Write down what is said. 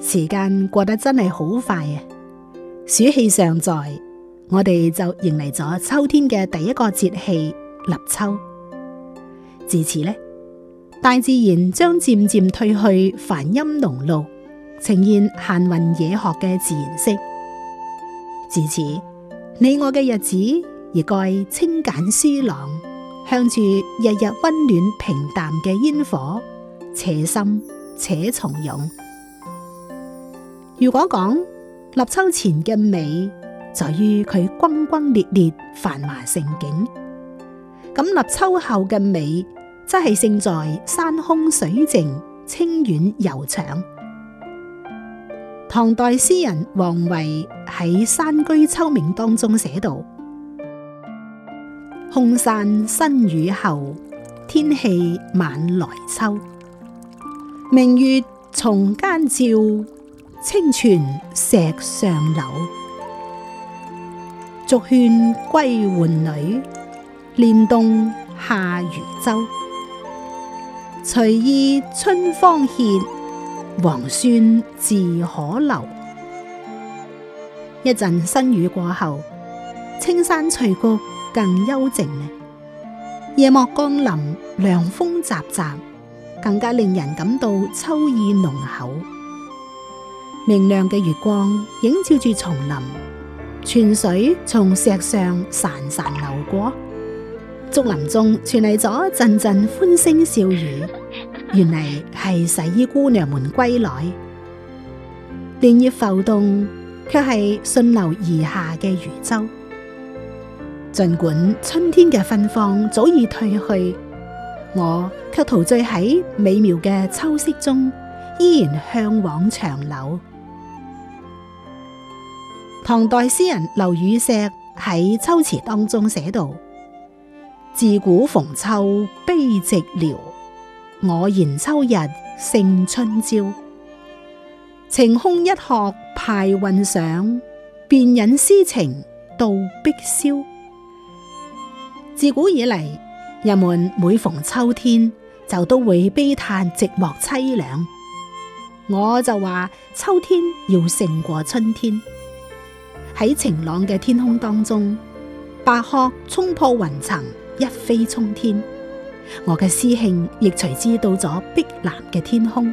時間過得真係好快啊！暑氣尚在，我哋就迎嚟咗秋天嘅第一個節氣立秋。自此呢，大自然將漸漸褪去繁蔭濃綠，呈現閒雲野鶴嘅自然色。自此，你我嘅日子亦該清簡舒朗，向住日日温暖平淡嘅煙火，且深且從容。如果講立秋前嘅美，在於佢轟轟烈烈、繁華盛景，咁立秋後嘅美，則係勝在山空水靜、清遠悠長。唐代詩人王維喺《山居秋暝》當中寫道：空山新雨後，天氣晚來秋。明月松間照。清泉石上流，竹喧歸浣女，蓮動下漁舟。隨意春芳歇，王孫自可留。一陣新雨過後，青山翠谷更幽靜呢。夜幕降臨，涼風習習，更加令人感到秋意濃厚。明亮嘅月光映照住松林，泉水從石上潺潺流過，竹林中傳嚟咗陣陣歡聲笑語。原嚟係洗衣姑娘們歸來，蓮葉浮動，卻係順流而下嘅漁舟。盡管春天嘅芬芳早已褪去，我卻陶醉喺美妙嘅秋色中，依然向往長留。唐代詩人劉禹錫喺秋詞當中寫道：自古逢秋悲寂寥，我言秋日勝春朝。晴空一鶴排雲上，便引詩情到碧霄。自古以嚟，人們每逢秋天就都會悲嘆寂寞淒涼。我就話秋天要勝過春天。喺晴朗嘅天空當中，白鶴衝破雲層，一飛沖天。我嘅詩興亦隨之到咗碧藍嘅天空。